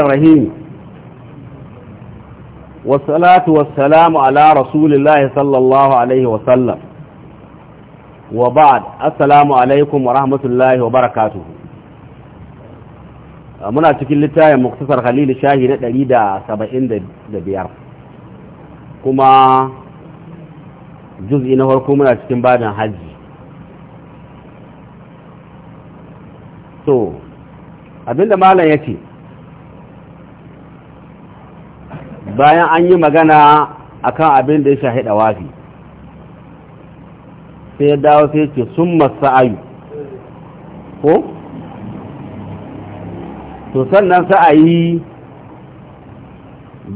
الرحيم والصلاة والسلام على رسول الله صلى الله عليه وسلم وبعد السلام عليكم ورحمة الله وبركاته muna cikin littafin muktasar Khalil Shahi na 175 kuma juz'i na farko muna cikin badin Hajji. to abinda malam ce. bayan an yi magana a kan abin da ya shahi wafi sai ya dawo sai ce sun sa'ayu ko? to sannan sa'ayi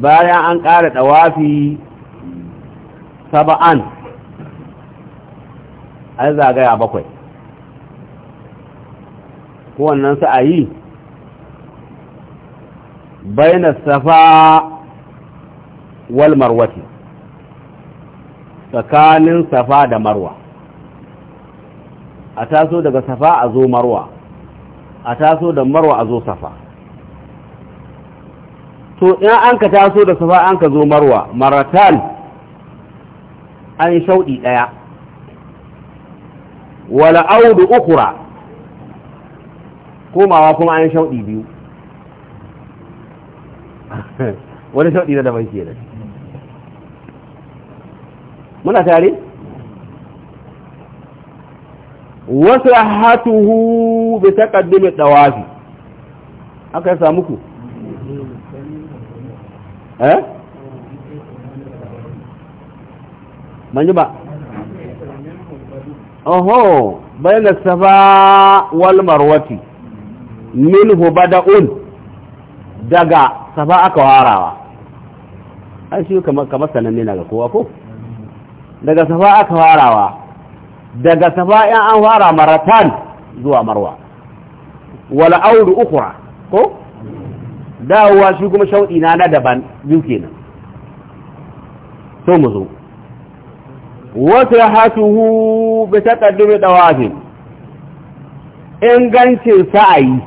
bayan an ƙara ɗawafi saba'an an zagaya bakwai kowannan sa'ayi bayan safa wal marwati tsakanin safa da marwa a taso daga safa a zo marwa a taso da marwa a zo safa to in an ka taso da safa an ka zo marwa maratan an yi shauɗi ɗaya wala audu ukura komawa kuma an yi shauɗi biyu wani shauɗi na daban ke da shi muna tare wasu hatuhu bai mai ɗawafi aka yi samuku? eh manji ba oho bayan safa wal marwati minhu bada'un daga safa aka warawa an shi kamar sananne na ga kowa ko daga safa aka farawa daga safa yan an fara maratan zuwa marwa wala auru ukura ko dawowa shi kuma shauɗi na na daban biyu kenan so mu zo wata ya hatuhu bi taqaddumi dawafin ingancin sa'ayi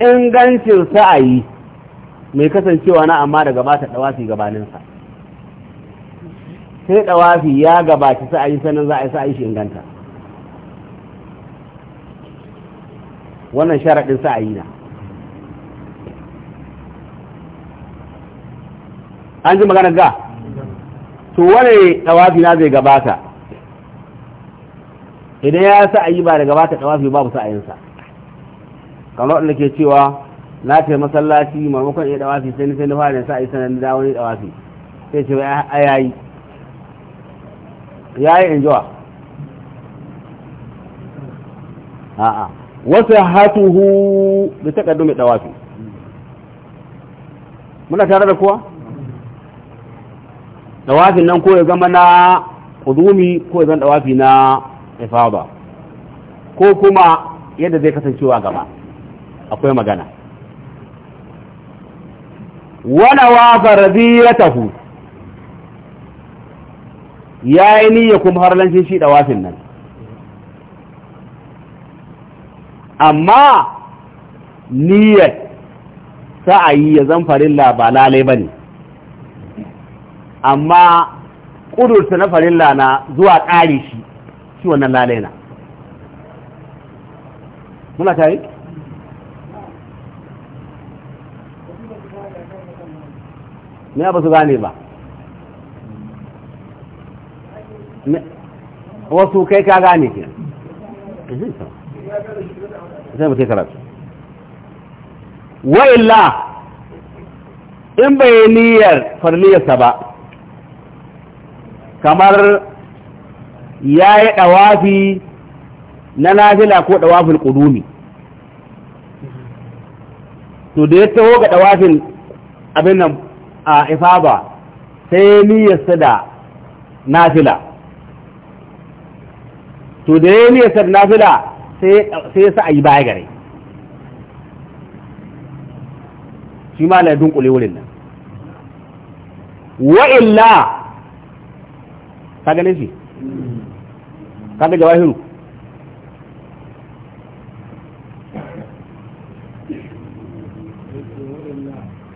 ingancin sa'ayi mai kasancewa na amma daga ba ta dawafi gabaninsa sai dawafi ya gabaci sa'ayi sannan za a yi sa'ayi shi inganta wannan sharaɗin sa'ayi na an ji magana ga to wane dawafi na zai gabata idan ya sa'ayi ba da gabata dawafi babu sa'ayinsa kamar wanda ke cewa na ce masallaci maimakon iya dawafi sai ni sai ni fara sa'ayi sannan da wani dawafi sai ce ai ayayi ya yi injuwa a'a wasu hatuhu da takardu mai ɗawafi. muna tare da kuwa dawafin nan ko ya zama na kudumi ko ya zama ɗawafi na ifaba ko kuma yadda zai kasancewa gaba akwai magana wani wa farziyatahu ya yi niyya kuma harlancin shi dawafin nan amma niyyar ayi ya zan farilla ba lalai ba ne amma ƙudurta na farilla na zuwa ƙari shi shi wannan lalai na muna tayi? ne ba su gane ba wasu kai ka gane ke sai karatu wa illa in bai niyyar farliyarsa ba kamar ya yi ɗawafi na nafila ko ɗawafin ƙudumi to da ya taho ga ɗawafin abin nan a ifaba sai niyyarsa da nafila to da ya ne sar nafila sai ya sa a yi baya gare shi ma na dunkule wurin nan wa'illa ka gane shi ka ga hiru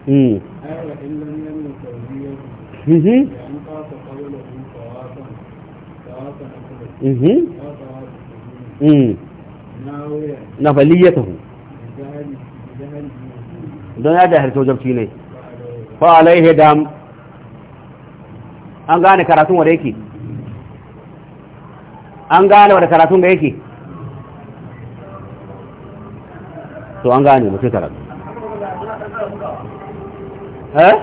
hmm. Mm-hmm. Mhm. Mm. na faliyatahu don ya jahilta wajabci ne fa alaihe dam an gane karatun wadda yake an gane wadda karatun da yake to an gane mutu karatu eh?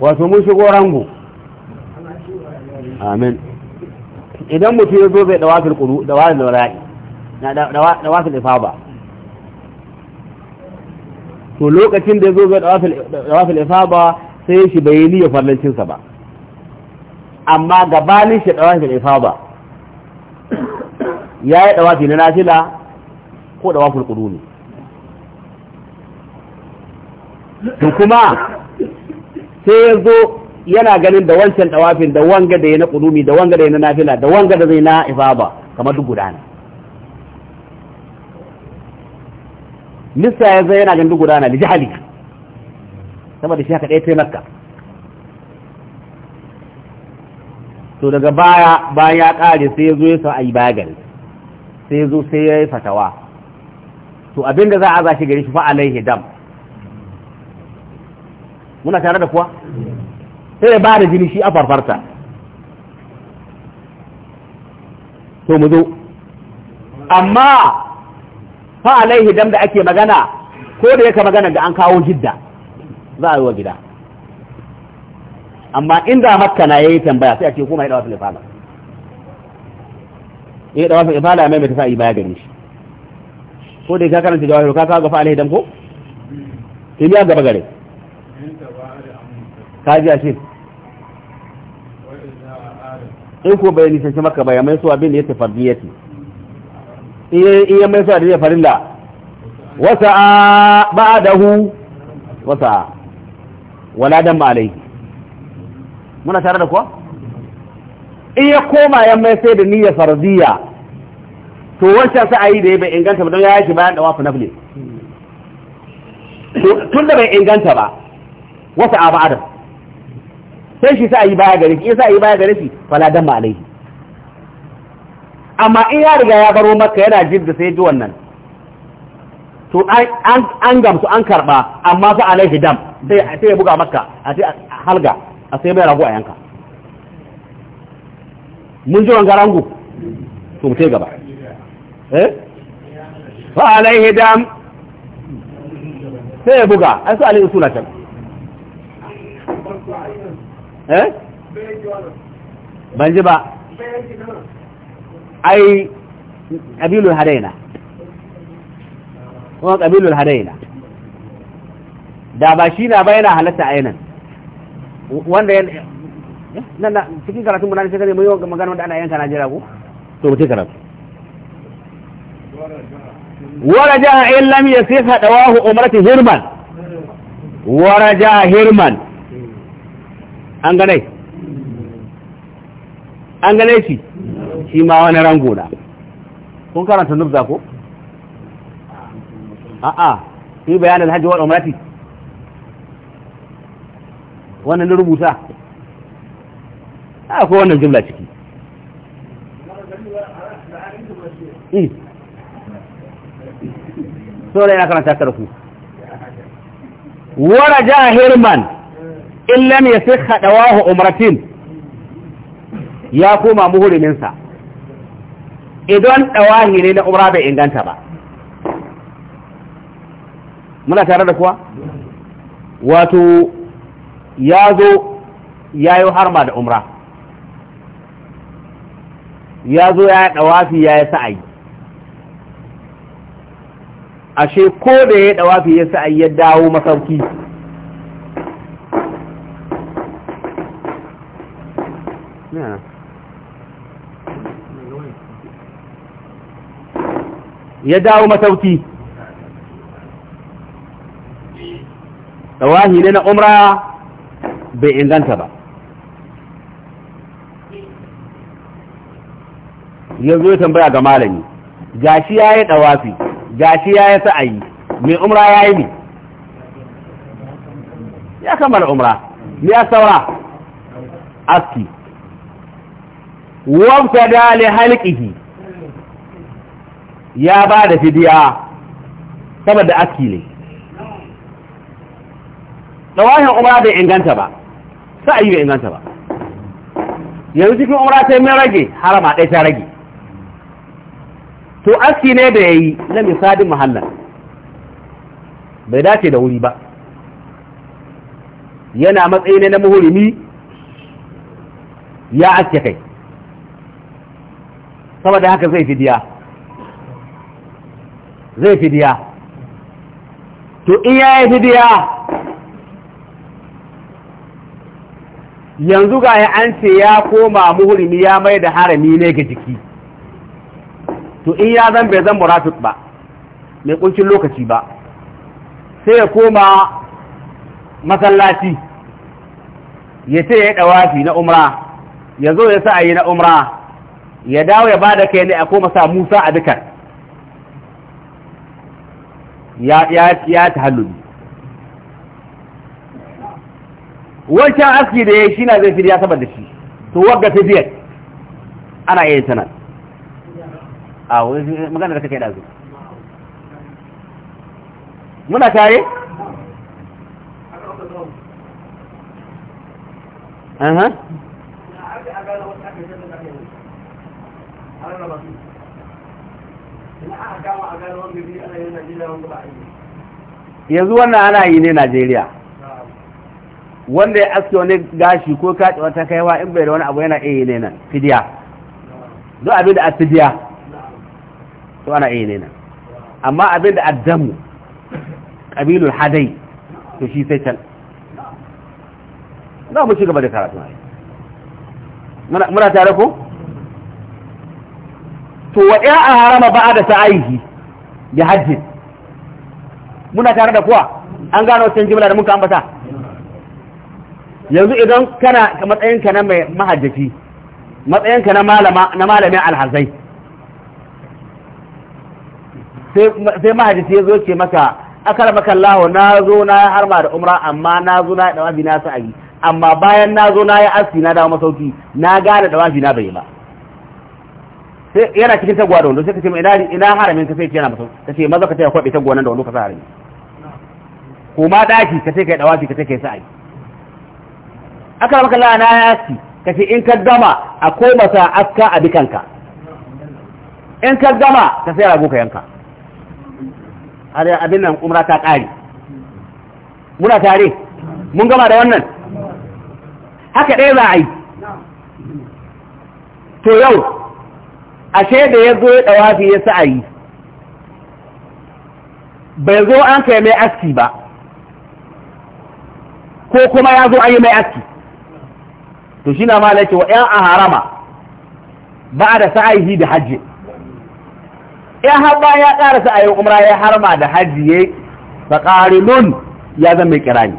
wato mun shigo rango amin idan mutum ya zo bai dawafil quru da wara'i wafil ifa ba to lokacin da ya zo bai ifa ba sai shi bai ya farlancin sa ba amma gabanin shi ifa ba ya yi wafil na nafila ko wafil kuru ne to kuma sai ya zo yana ganin da wancan tawafin da wanga da ya na kudumi da wanga da ya na nafila da wanga da zai na ifaba kamar duk guda ne lissa ya zai yana ganin duk guda ne sama saboda shi haka ɗaya taimaka to daga baya bayan ya ƙare sai ya zo ya sa a yi bagal sai ya zo sai ya yi fatawa to abinda za a za shi gari shi fa'alai hidam muna tare da kuwa sai ya bada jini shi a farfarta to mu zo amma fa alaihi dam da ake magana ko da yake magana da an kawo jidda za a yi wa gida amma inda makka na yayi tambaya sai a ce kuma ya dawo fil ifala ya dawo fil ifala mai mai tafi baya shi ko da ka karanta jawahir ka kawo fa alaihi dam ko in ya gaba gare ka ji a shi in ko bai nisanci maka ba ya mai su abin da yake fardiyati iya mai su abin da farilla wasa ba da hu wasa wala dan ba alaihi muna tare da kuwa iya koma ya mai sai da niyyar fardiya to wancan sa ayi da ya bai inganta ba don ya yake bayan da wafu nafle tun da bai inganta ba wasa a ba'adar sai shi sa yi baya gare shi sai yi baya gare shi fala dan alaihi amma in ya riga ya baro maka yana jidda sai ji wannan to an gamsu an karba amma fa alaihi dam sai ya buga maka a sai halga a sai mai rago a yanka mun ji wannan rango to mu sai gaba eh fa alaihi dam sai ya buga ai su alaihi suna can eh ban ji ba ai ƙabilul hadaina kuma ƙabilul hadaina da ba shi na bayana halatta ainihin wanda yana eh, na cikin karatun muna sai kare mai yawan magana wanda ana yanka Najeriya ko to mutai karatu waraja in lam yasiha dawahu umrati hirman waraja hirman an ganai an ganai shi shi ma wani rango da kun karanta nufza ko a'a shi bayanin hajji wa umrati wannan na rubuta ko wannan jumla ciki hmm. so da yana karanta karfu wara ja hirman in lam yasihha dawahu umratin ya koma muhuriminsa sa idan dawahi ne na umra bai inganta ba muna tare da kuwa wato ya zo ya yi harma da umra ya zo ya yi dawafi ya yi sa'ayi ashe ko da ya yi dawafi ya sa'ayi ya dawo masauki ya dawo masauki tawahi ne na umra bai inganta ba Ya ya tambaya ga malami gashi ya yi ɗawafi gashi ya yi sa'ayi mai umra ya yi ne ya kammala umra ya saura aski wamsa da halƙihi ya ba da fidiya saboda aski ne ɗawahin umara bai inganta ba sa'ayi bai inganta ba yanzu cikin umara sai mai rage harama ɗai ta rage to aski ne da ya yi na misadin mahallar bai dace da wuri ba yana matsayi ne na muhurimi ya aske kai saboda haka zai fidiya zai fidiya to in ya yi fidiya yanzu ga ya an ce ya koma muhurimi ya mai da harami ne ga jiki to in ya zan bai zan muratut ba mai kuncin lokaci ba sai ya koma masallaci ya ce ya fi na umra ya zo ya sa'ayi na umra ya dawo ya ba da kai ne a koma sa musa a dukkan. ya ya ya tahalluli wancan aski da ya shi na zai fidya saboda shi to wagga biyar. ana iya yin sanar a wani magana da kake da zuwa muna tare? Uh -huh. yanzu wannan ana yi ne najeriya wanda ya aske wani gashi ko kaɗe wata kaiwa in bai da wani abu yana iya ne nan fidiya don abin da a fidiya to ana iya ne nan amma abin da addamu ƙabilul hadai to shi sai can na mu ci gaba da karatu muna tare ko? to wa a harama ba da sa'ayi ya hajji muna tare da kuwa an gano wancan jimla da muka ambata yanzu idan kana matsayinka na mai mahajjaci matsayinka na malamin alhazai sai mahajjaci ya zo ce maka akar maka laho na zo na ya harma da umra amma na zo na ya dawafi na sa'ayi amma bayan na zo na ya aski na dawo masauki na gane dawafi na bai ba sai yana cikin tagwa da wando sai ka ce ina ina haramin ka sai ce yana mutum ka ce maza ka ce kwabe tagwa nan da wando ka sa harami ko ma daki ka ce kai dawafi ka ce kai sa'i aka maka la na ci ka ce in ka gama akwai masa aska a bikanka in ka gama ka sai rago ka yanka har abin nan umra ta kare muna tare mun gama da wannan haka ɗaya za a yi to yau ashe da ya zo ya ɗawafi ya sa'ayi bai zo an kai mai aski ba ko kuma ya zo an yi mai aski to shi na malaki wa ‘yan a harama ba da sa'ayi da hajji ‘yan haɓa ya ƙara sa'ayi umra ya harma da hajji ya yi faƙarinun ya zama mai kirani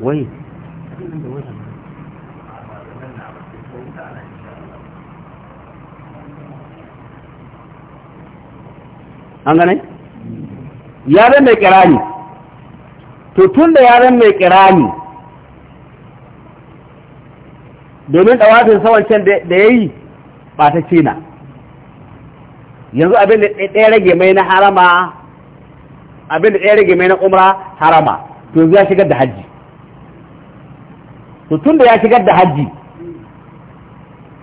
wai an gane yaran mai kirani to tun da yaran mai kirani domin ɗawatin sawancen da ya yi ba ta cina yanzu abin da ɗaya rage mai na harama abin da ɗaya rage mai na umra harama to yanzu ya shigar da hajji to tun da ya shigar da hajji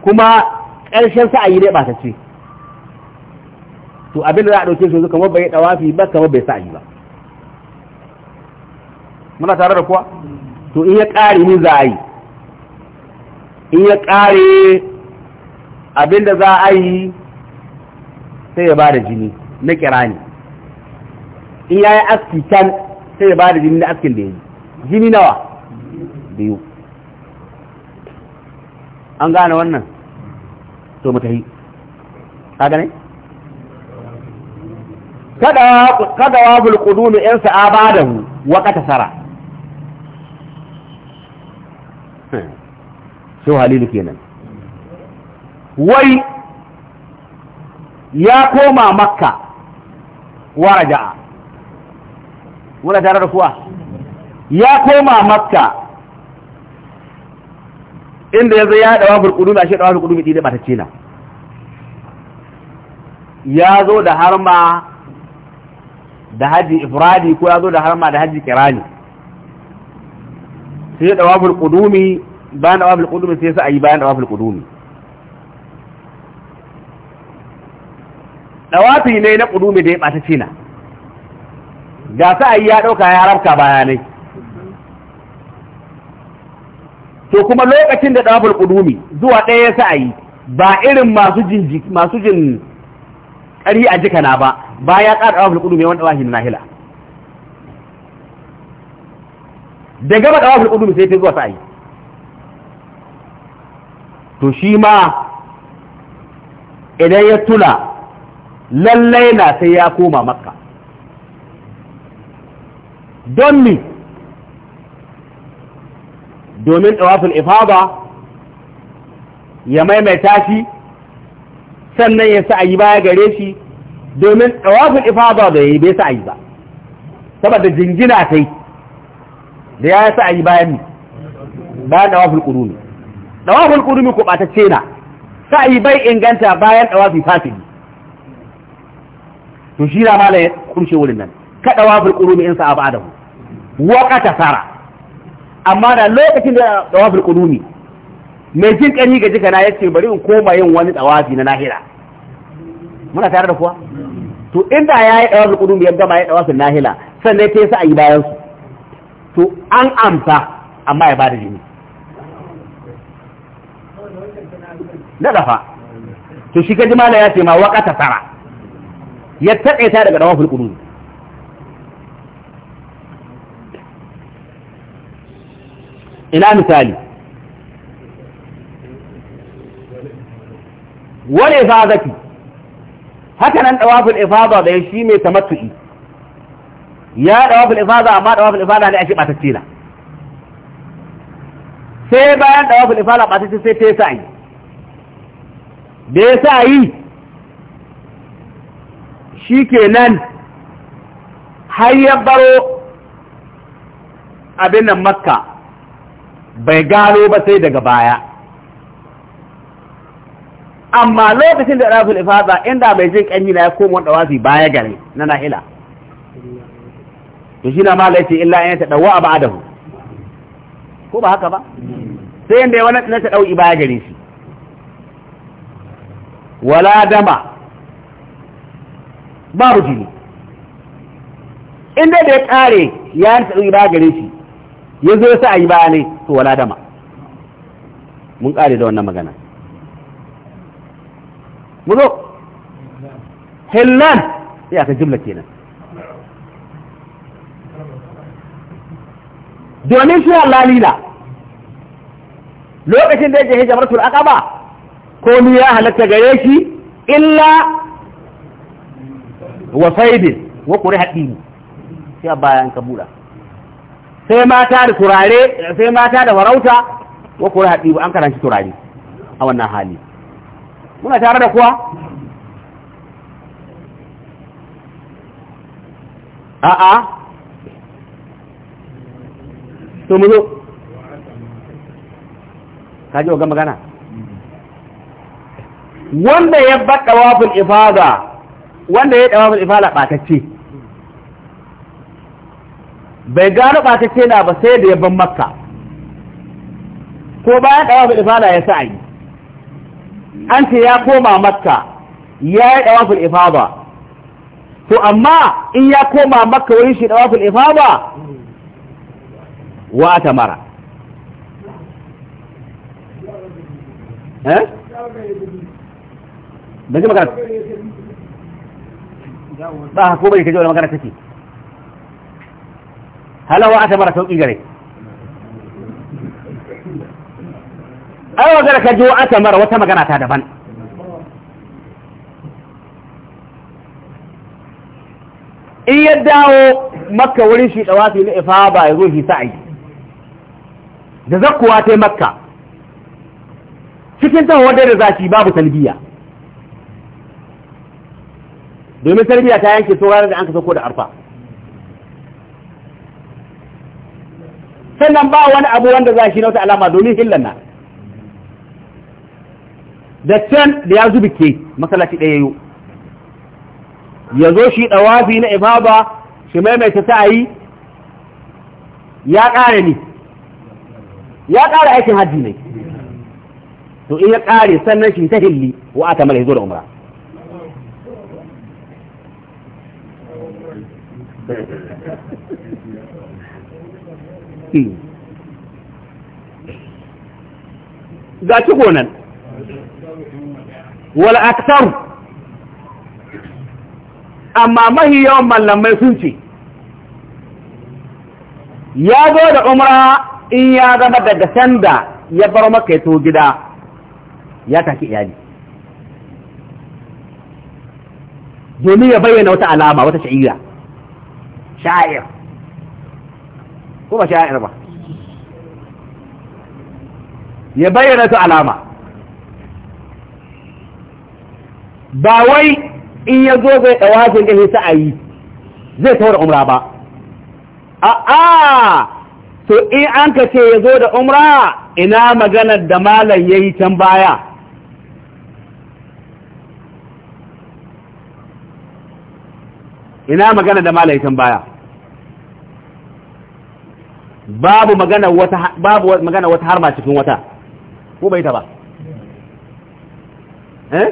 kuma ƙarshen sa'ayi ne ba ta ce to abin da za a ɗauke shi kamar bai ɗawafi ba kamar bai sa'i ba muna tare da kuwa to in ya ƙare ni za a yi in ya ƙare abin da za a yi sai ya ba da jini na kirani in ya yi aski can sai ya ba da jini na askin da ya yi jini nawa biyu an gane wannan to mutahi ka gane? kada waful ƙudunu ‘yan sa'aba da mu waƙata sara hmm. shi halilu kenan wai ya koma makka wa raja'a muna tare da kuwa ya koma makka inda ya zai ya haɗa wafin ƙudu na shi haɗa wafin ƙudu mai ɗi da ɓatacce ya zo da har ma da haji ifradi ko ya zo da harma da haji kirani sai da dawaful qudumi bayan dawaful qudumi sai sa yi bayan dawaful qudumi dawafi ne na qudumi da ya bata cina ga sa ya dauka ya rabka bayanai to kuma lokacin da dawaful qudumi zuwa ɗaya ya sa ba irin masu jin masu jin ƙari a jikana ba ba ya ƙara ɗawa fulƙudu mai wani ɗawafi na nahila da gaba fulƙudu mai sai ta zuwa sa'ayi to shi ma idan ya tuna lallai na sai ya koma makka don mi domin ɗawaful ifaba ya maimaita shi sannan ya sa'ayi baya gare shi domin tsawafin ifada da ya yi bai sa'ayi ba saboda jingina ta yi da ya yi sa'ayi bayan ni bayan tsawafin ƙurumi tsawafin ƙurumi ko ce na sa'ayi bai inganta bayan tsawafin fasili to shi na mala ya kurshe wurin nan ka tsawafin ƙurumi in sa'a ba da hu waƙata amma da lokacin da tsawafin ƙurumi mai jin ƙani ga jikana ya ce bari in koma yin wani tsawafi na nahira muna tare da kuwa to inda ya yi ɗawar rukunin ya gama ya ɗawar su nahila sannan ta yasa a yi bayan su to an amsa amma ya bada jini na dafa to shi ka da ya ce ma waka ta tara ya taɗe ta daga ɗawar rukunin ina misali wani fa zaki haka nan ɗawafin ifada da shi mai tamattu'i ya ɗawafin ifada amma ɗawafin ifada ne ake ɓata na sai bayan ɗawafin ifada batacce sai ta sa yi da ya sa yi nan har ya baro abin nan makka bai gano ba sai daga baya amma lokacin da ɗazul ifada inda bai jin kanyi na ya koma da wasi baya gare na na'ila to shi na ma yace illa ya ta dawa a ba'dahu ko ba haka ba sai inda ya wani na ta ɗauki baya gare shi wala dama babu jini inda da ya kare ya ta dauki baya gare shi ya zo sa a yi baya ne to wala dama mun kare da wannan magana mu zo hillan iyakar jumla kenan domin shi lalila lokacin da yake hijamaratul aqaba ko ni ya halatta gare shi illa wa saidin wa kuri haɗini sai bayan kabula sai mata da turare sai mata da farauta wa kuri haɗini an karanci turare a wannan hali muna tare da kuwa a'a to mu zo ka ji ga magana wanda ya baka wafin ifada wanda ya dawa wafin ifada ɓatacce bai gano ɓatacce na ba sai da ya ban makka ko bayan dawa wafin ifada ya sa yi an ce ya koma makka ya yi dawaful ifada to amma in ya koma makka wani shi dawaful ifada wa ta mara eh da kuma magana ba ko bai kaje wannan magana take halawa a atamara sauƙi gare ai magana ka ji aka mara wata magana ta daban in ya dawo makka wurin shi dawafi na ba ya zo shi sa'i da zakkuwa ta makka cikin wadda da zaki babu talbiya domin talbiya ta yanke tsoron da an ka sauko da arfa sannan ba wani abu wanda za shi na wata alama domin hillan na da can da ya ke masallaci ɗaya yau ya zo shi ɗawafi na ibaba shi maimaita yi ya ƙare ni ya ƙare aikin hajji ne to in ya ƙare sannan shi ta hilli wa aka mala zo da umara hmm. ga ci gonan wal aktar amma mahi yawan mallamai sun ce ya zo da umra in ya zama daga sanda ya bar maka ya gida ya tafi iyali domin ya bayyana wata alama wata sha'ira sha'ir ko ba sha'ir ba ya bayyana wata alama ba wai in ya zo zai ɗawafin ɗin sa'ayi zai tawar umra ba a'a to in an ka ce ya zo da umra ina maganar da malam ya yi can baya ina maganar da malam ya can baya babu magana wata babu magana wata ma cikin wata ko bai ta ba eh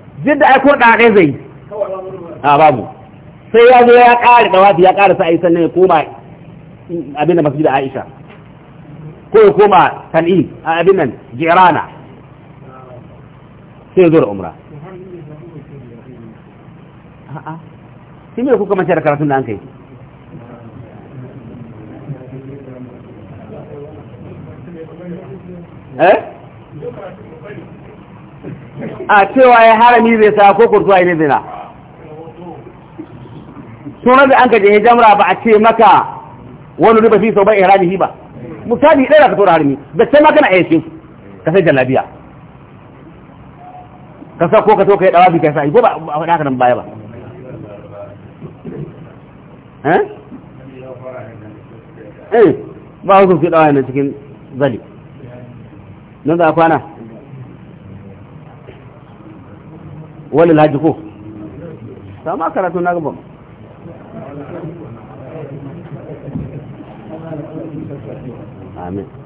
jin da aiko da ɗaya zai a babu sai ya zo ya ƙari da wafi ya ƙari sa'ayi sannan ya koma abin da masjid Aisha ko ya koma tan'i a abin nan jirana sai ya zo da umra a'a shi me kuka mace da karatun da an kai eh a cewa ya harami zai sa ko kurtuwa yi zina sunan da an ka ya jamra ba a ce maka wani riba fi sau ba ihramihi ba misali ɗaya ka tura harami da ce maka na aikin ka sai jallabiya ka sa ko ka so ka yi dawabi ka sa ko ba a faɗa ka nan baya ba eh, eh ba su fi dawa nan cikin zali nan za a kwana wani laji ko sama karatu na gaba amin